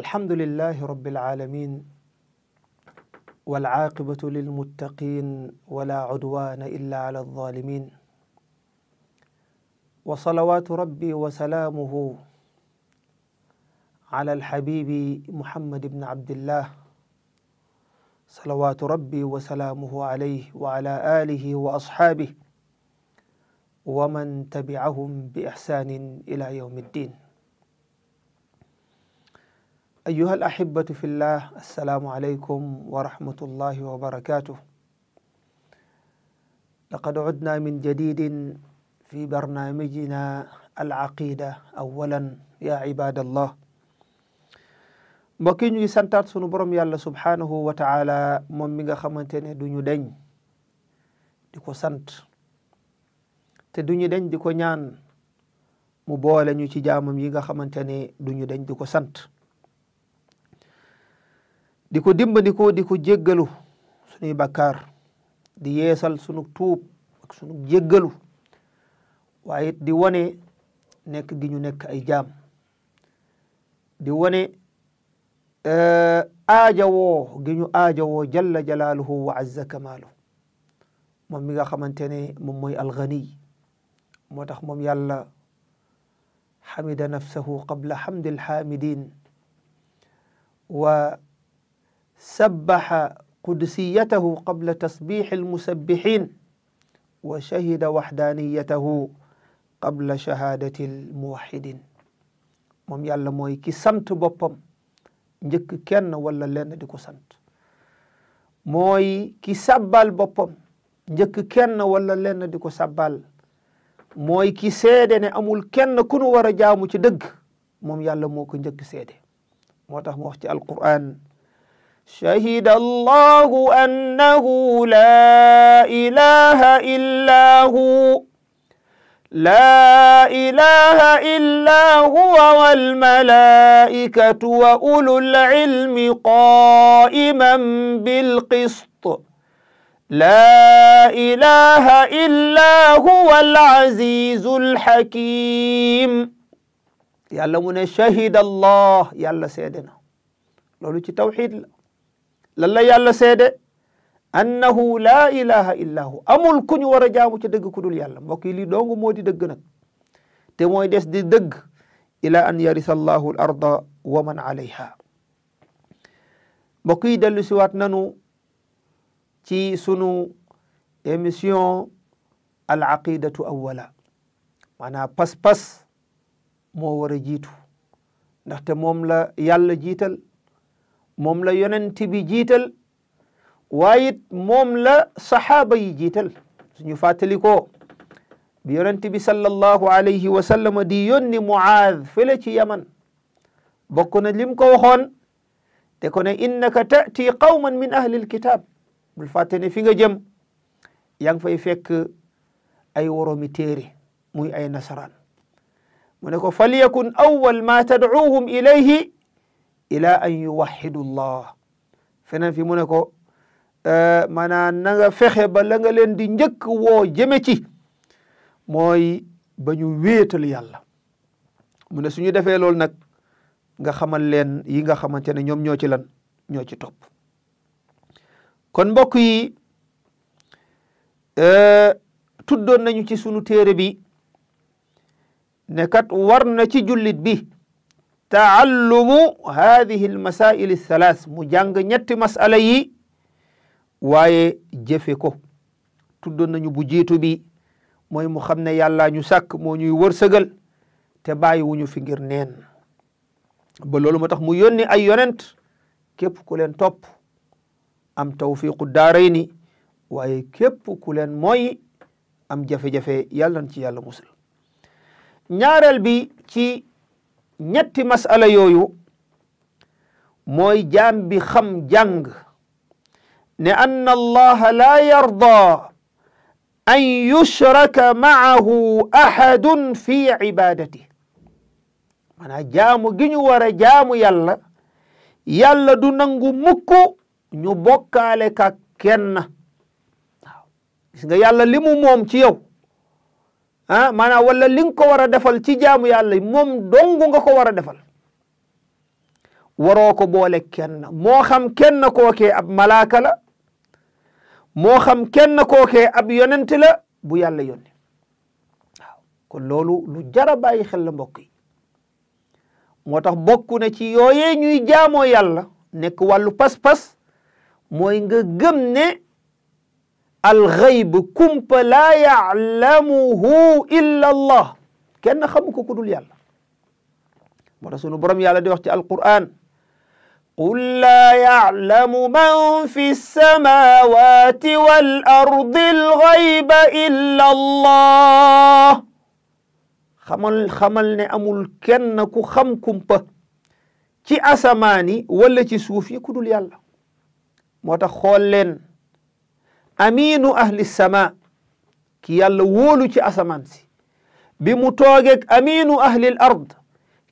الحمد لله رب العالمين والعاقبة للمتقين ولا عدوان إلا على الظالمين وصلوات ربي وسلامه على الحبيب محمد بن عبد الله صلوات ربي وسلامه عليه وعلى آله وأصحابه ومن تبعهم بإحسان إلى يوم الدين أيها الأحبة في الله السلام عليكم ورحمة الله وبركاته لقد عدنا من جديد في برنامجنا العقيدة أولا يا عباد الله mbokk yi ñu ngi santaat sunu borom yàlla subhaanahu wa taala moom mi nga xamante ne du ñu deñ di ko sant te du ñu deñ di ko ñaan mu boole ñu ci jaamam yi nga xamante ne du ñu deñ di ko sant di ko dimbandikoo di ko jéggalu sunuy bakkaar di yeesal sunu tuub ak sunu jéggalu di wane nekk gi ñu nekk ay jaam di wane eh, aajawoo gi ñu aajawoo jalla jalaaluhu wa azza kamaalu moom mi nga xamante ne moom mooy alxani moo tax moom yàlla xamida nafsahu qabla xamdi alxaamidin wa سبح قدسيته قبل تسبيح المسبحين وشهد وحدانيته قبل شهادة الموحدين مم يالا موي كي سانت بوبام نجك كين ولا لين ديكو سانت موي كي سبال بوبام نجك كين ولا لين ديكو سبال موي كي سيدني امول كين كونو ورا جامو سي دغ موم يالا موكو نجك سيدي موتاخ موخ القران شهد الله أنه لا إله إلا هو لا إله إلا هو والملائكة وأولو العلم قائما بالقسط لا إله إلا هو العزيز الحكيم يلا من شهد الله يلا سيدنا لولو توحيد الله lan la yàlla seede annahu laa ilaha illa amul ku ñu war a jaamu ca dëgg ku dul yàlla mbokk yi lii dong moo di dëgg nag te mooy des di dëgg ila an yarisa allahu al arda wa man alayha mbokk yi dellu siwaat nanu ci sunu émission al aqidatu awwala maanaam pas-pas moo war a jiitu ndaxte moom la jiital moom la yonent bi jiital waaye moom la saxaaba yi jiital suñu fàttalikoo bi yonent bi sallallahu alayhi wa di yónni Muaad fële ci Yaman bokk na lim ko waxoon te ko ne innaka taati qawman min ahli alkitab bul fàtte ne fi nga jëm yaa ngi fay fekk ay woromi muy ay nasaraan mu ne ko falyakun awwal ma tadcuuhum ilayhi ila an yuwaxidu llah feneen fi mu ne ko euh, maanaam na nga fexe ba la nga leen di njëkk woo jëme ci mooy ba ñu wéetal yàlla mu ne suñu defee loolu nag nga xamal leen yi nga xamante ne ñoom ñoo ci lan ñoo ci topp kon mbokk yi euh, tuddoon nañu ci sunu téere bi ne kat war na ci jullit bi taallumu hadihi almasail althalath mu jàng ñetti masala yi waaye jëfe ko tuddo nañu bu jiitu bi mooy mu xam ne yàlla ñu sàkk moo ñuy wërsëgal te bàyyi wuñu fi ngir neen ba loolu moo tax mu yónni ay yonent képp ku leen topp am tawfiqu daarayni waaye képp ku leen mooy am jafe-jafe yàlla na ci yàlla musal ñaareel bi ci ñetti masala yooyu mooy jaam bi xam jàng ne anna allaha la yarda an yushraka maahu ahadun fi ibadati maanaam jaamu gi ñu war a jaamu yàlla yàlla du nangu mukk ñu bokkaale ka gis nga yàlla li mu ah maanaam wala li ko war a defal ci jaamu yàlla moom dong nga ko war a defal waroo ko boole kenn moo xam kenn kookee ab malaaka la moo xam kenn kookee ab yonent la bu yàlla yónni waaw kon loolu lu jara bàyyi xel la mbokk yi moo tax bokk na ci yooyee ñuy jaamoo yàlla nekk wàllu pas-pas mooy nga gëm الغيب كم لا يعلمه إلا الله كن خمك كدول يالا ورسول برمي على دي القرآن قل لا يعلم من في السماوات والأرض الغيب إلا الله خمل خمل كن كنك خمكم به كي أسماني ولا كي سوفي كدول يالا موتا خولين aminu ahli sama ki yàlla wóolu ci asamaan si bi mu toogeeg aminu ahlil ard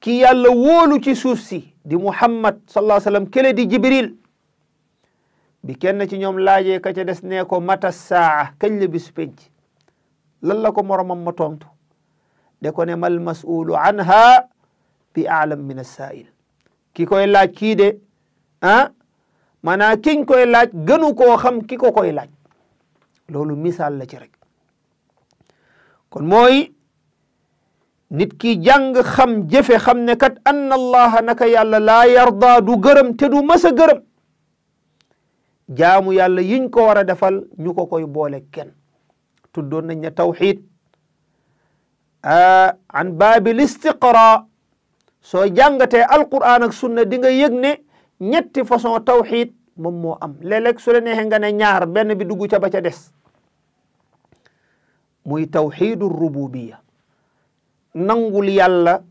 ki yàlla wóolu ci suuf si di muhammad sallallahu alayhi wa sallam kele di jibril bi kenn ci ñoom laajee ka ca des nee ko mata saa kañ la bisu penc lan la ko moromam ma tontu de ko ne mal mas'ulu anha bi aalam min assail ki koy laaj kii de ah maanaa kiñ koy laaj gënu koo xam ki ko koy laaj loolu misaal la ci rek kon mooy nit ki jàng xam jëfe xam ne kat anna allaha naka yàlla laa yarda du gërëm te du mës a gërëm jaamu yàlla yiñ ko war a defal ñu ko koy boole kenn tuddoon nañ ne tawxid an baabil istiqra soo jàngatee alquran ak sunna di nga yëg ne ñetti façon tawxid moom moo am léeg-léeg su la neexee nga ne ñaar benn bi dugg ca ba ca des muy tawxiidu rububiya nangul yàlla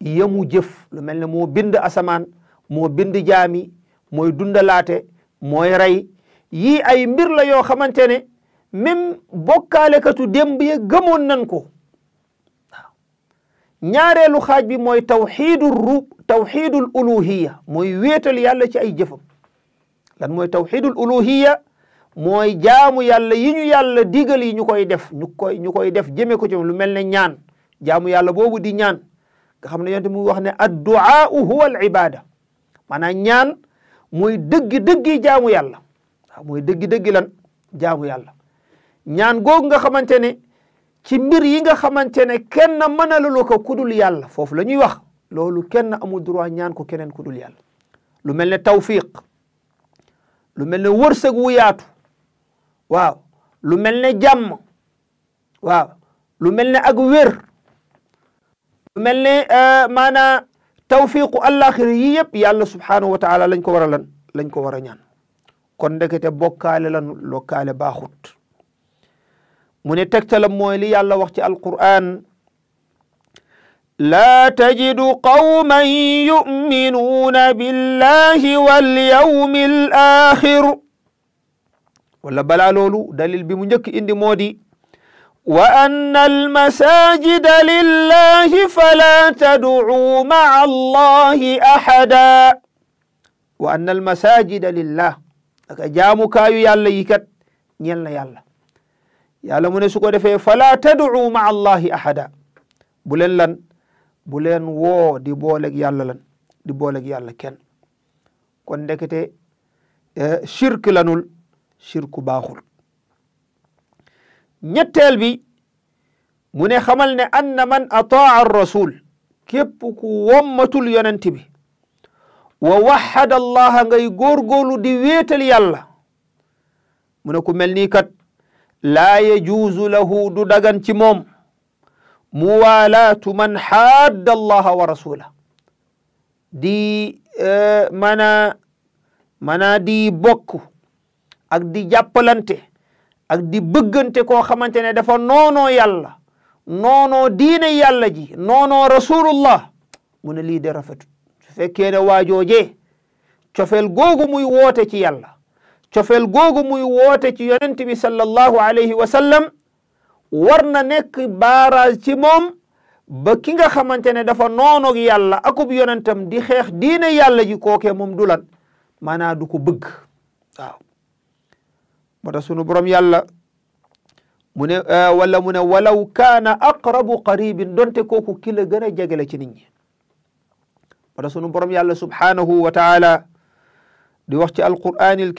yemu jëf lu mel ne moo bind asamaan moo bind jaami mooy dundalaate mooy rey yii ay mbir la yoo xamante ne même bokkaalekatu démb ya gëmoon nan ko waaw ñaareelu xaaj bi mooy tawxiidu uluhiya mooy wéetal yàlla ci ay jëfam lan mooy tawxidul uluhiya mooy jaamu yàlla yi ñu yàlla digal yi ñu koy def ñu koy ñu koy def jëme ko ci lu mel ne ñaan jaamu yàlla boobu di ñaan nga xam ne yonent mu wax ne adduaa huwa al ibada maanaam ñaan mooy dëggi-dëggi jaamu yàlla waaw mooy lan jaamu yàlla ñaan googu nga xamante ne ci mbir yi nga xamante ne kenn mënalulu ko kudul yàlla foofu la ñuy wax loolu kenn amul droit ñaan ko keneen kudul yàlla lu ne tawfiq lu mel ne wërsëg wu yaatu waaw mel ne jàmm waaw lu mel ne ak wér lu mel ne euh, maanaam tawfiqu àllaaxira yi yëpp yàlla subhaanahu wa taala lañ ko war a lan lañ ko war a ñaan kon ndekete bokkaale lan lokkaale baaxut mu ne tegtalam mooy li yàlla wax لا تجد قوما يؤمنون بالله واليوم الآخر ولا بلا لولو دليل بمنجك إندي مودي وأن المساجد لله فلا تدعوا مع الله أحدا وأن المساجد لله jaamu كايو يالا يكت يالا يالا يالا yàlla yàlla فلا تدعوا مع الله أحدا بلن لن bu leen woo di booleeg yàlla lan di booleeg yàlla kenn kon ndekete eh, shirk lanul shirku baaxul ñetteel bi mu ne xamal ne anna man ataa rasul képp ku wommatul yonent bi wa waxada allaha ngay góorgóorlu di wéetal yàlla mu ne ku mel kat laa yajuuzu lahu du dagan ci moom muwalaatu man xaadda allaha wa rasulah di mana mana di bokk ak di jàppalante ak di bëggante koo xamante ne dafa noonoo yàlla noonoo diine yàlla ji noonoo rasulullah mu ne lii de rafetut su fekkee ne waajoojee cofeel googu muy woote ci yàlla cofeel googu muy woote ci yonent bi sallallahu alayhi wa sallam war na nekk barrage ci moom ba ki nga xamante ne dafa noonoog yàlla akub yonentam di xeex diine yàlla ji kookee moom du lan maanaam du ko bëgg waaw moo sunu borom yàlla mu ne eh, wala mu ne walaw kaana aqrabu qaribin donte kooku ki la gën a jegele ci nit ñi moo tax sunu borom yàlla subhanahu wa di wax ci alquranil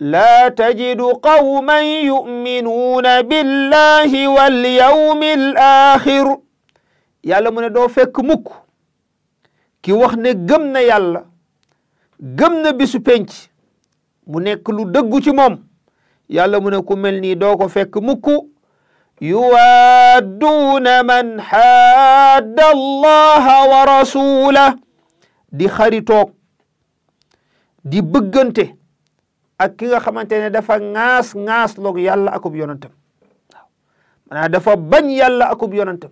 لا تجد قوما يؤمنون بالله واليوم الآخر yàlla mu ne doo fekk mukk ki wax ne gëm na yàlla gëm na bisu penc mu nekk lu dëggu ci moom yàlla mu ne ku mel nii doo ko fekk mukk yuwaadduuna man xaadda allaha wa rasulah di xaritoog di bëggante ak ki nga xamante ne dafa ŋaas ŋaas loog yàlla akub yonantam waaw maanaam dafa bañ yàlla akub yonantam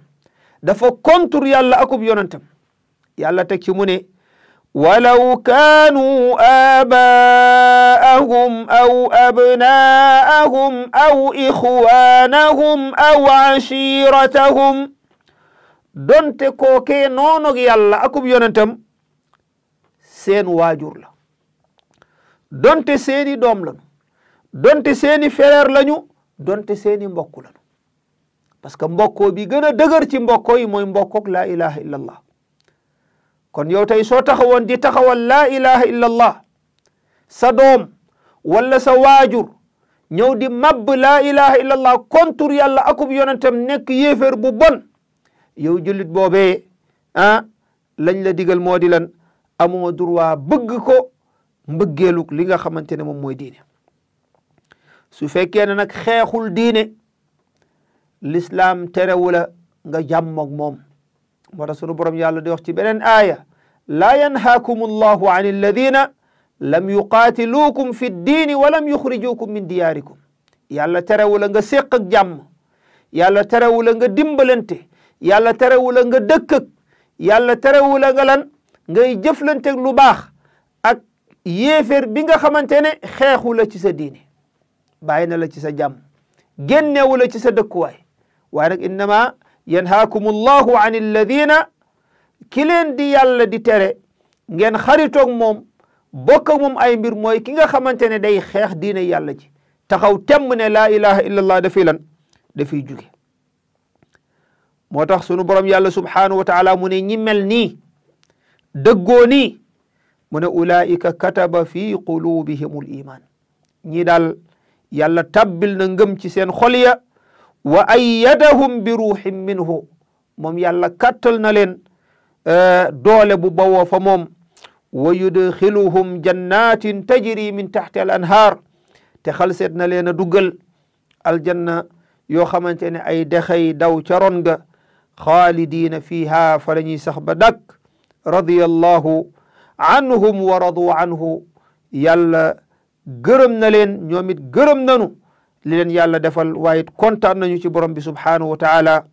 dafa kontur yàlla akub yonantam yàlla teg ci mu ne walaw kaanu aabaahum abnaahum aw ixwaanahum aw ashiratahum donte kookee noonog yàlla akub yonantam seen waajur la donte seeni doom lañu donte seeni frère lañu donte seeni mbokk lañu parce que mbokkoo bi gën a dëgër ci mbokko yi mooy mbokkook la ilaha illa allah kon yow tey soo taxawoon di taxawal laa ilaha illa sa doom wala sa waajur ñëw di mabb laa ilaha illa allah kontur yàlla akub yonentam nekk yéeféer bu bon yow jullit boobee ah lañ la digal moo di lan amoo droit bëgg ko mbeugeluk li nga xamantene mom moy diine su fekke ne nak xexul diine lislaam terewula nga jàmmoog moom moo tax sunu borom yàlla di wax ci benen aya la yanhaakum allah an alladina lam yuqatilukum fi ddin wa lam yukhrijukum min diyarikum yàlla terewula nga sekk ak jam yàlla terewula nga dimbalante yàlla terewula nga dëkk ak yàlla terewula nga lan ngay jeflante lu bax ak yéeféer bi nga xamante ne xeexu la ci sa diine bàyyi na la ci sa jàmm génnewu la ci sa dëkkuwaay waaye nag innama yanhaakum allahu an alladina ki leen di yàlla di tere ngeen xaritoog moom bokk moom ay mbir mooy ki nga xamante ne day xeex diine yàlla ji taxaw temm ne laa ilaha illa allah dafiy lan dafiy jóge moo tax sunu borom yàlla subhanahu wa taala mu nii dëggoo nii mu ne ulaika kataba fi qulubihimul iman ñii daal yàlla tabbil na ngëm ci seen xol wa ayyadahum bi ruuxin minhu moom yàlla kattal na leen eh, doole bu bawoo fa moom wa yudxiluhum jannatin tajri min taxti al anhaar te xalseet na leen a duggal aljanna yoo xamante ne ay dexay daw ca ga xaalidiina fiiha fa sax ba dàkk anhum wa radu anhu yàlla gërëm na leen ñoom gërëm nanu li leen yàlla defal waaye it kontaan nañu ci borom bi subhaanahu wa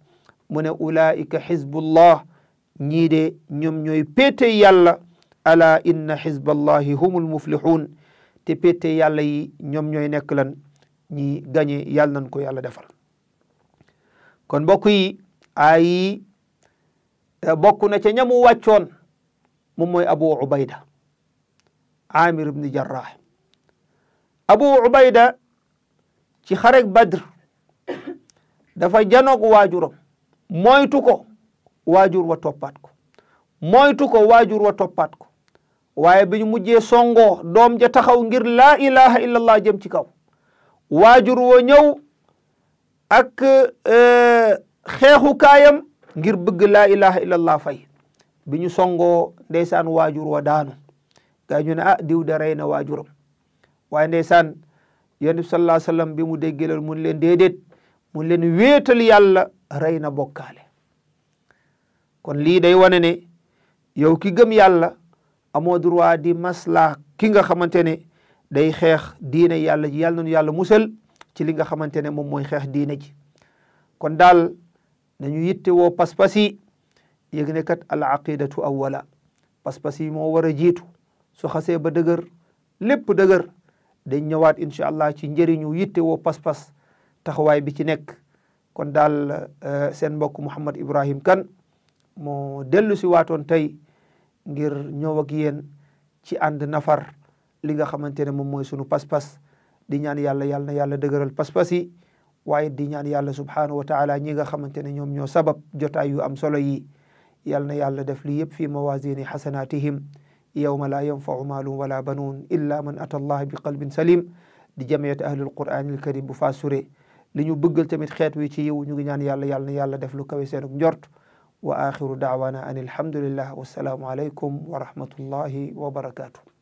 mu ne ulaika xizbullah ñii de ñoom ñooy péetey yàlla ala inna xizballahi humul muflixuun te péetey yàlla yi ñoom ñooy nekk lan ñi gañe yàlla nañ ko yàlla defal kon mbokk yi ay eh, na ca ñamu wàccoon moom mooy abu ubayda amir ibni jarrah abu ubayda ci xarek badr dafa janoog waajuram moytu ko waajur wa toppaat ko moytu ko waajur wa toppaat ko waaye bi mujjee songoo doom ja taxaw ngir la ilaha illallah jëm ci kaw waajur wa ñëw ak eh, xeexu kaayam ngir bëgg laa ilaha illallah fay bi ñu songoo ndeysaan waajur wa daanu gaa ñu ne ah diw de rey na waajuram waaye ndeysaan yonent bi sallallahu alayhi bi mu déggee mun leen déedéet mun leen wéetal yàlla rey na bokkaale kon lii day wane ne yow ki gëm yàlla amoo droit di maslaa ki nga xamante ne day xeex diine yàlla ji yàlla nañu yàlla musal ci li nga xamante ne moom mooy xeex diine ji kon daal nañu yitte woo pas-pas yëg ne kat al aqidatu awwala pas-pas yi moo war a jiitu su xasee ba dëgër lépp dëgër dañ ñëwaat incha allah ci njëriñu yitte woo pas-pas taxawaay bi ci nekk kon daal euh, seen mbokk Mouhamed Ibrahim kan moo dellu si waatoon tey ngir ñëw ak yéen ci ànd nafar li nga xamante ne moom mooy sunu pas-pas di ñaan yàlla yàlla na yàlla dëgëral pas-pas yi waaye di ñaan yàlla subhaanahu wa ñi nga xamante ne ñoom ñoo sabab jotaay yu am solo yi يالنا يالا دف ليب في موازين حسناتهم يوم لا ينفع مال ولا بنون إلا من أتى الله بقلب سليم دي جمعية أهل القرآن الكريم بفاسوري لنيو بقل تمت خيات ويتي ونيو جنان يالا يالا يالا دف لكا ويسانك جورت وآخر دعوانا أن الحمد لله والسلام عليكم ورحمة الله وبركاته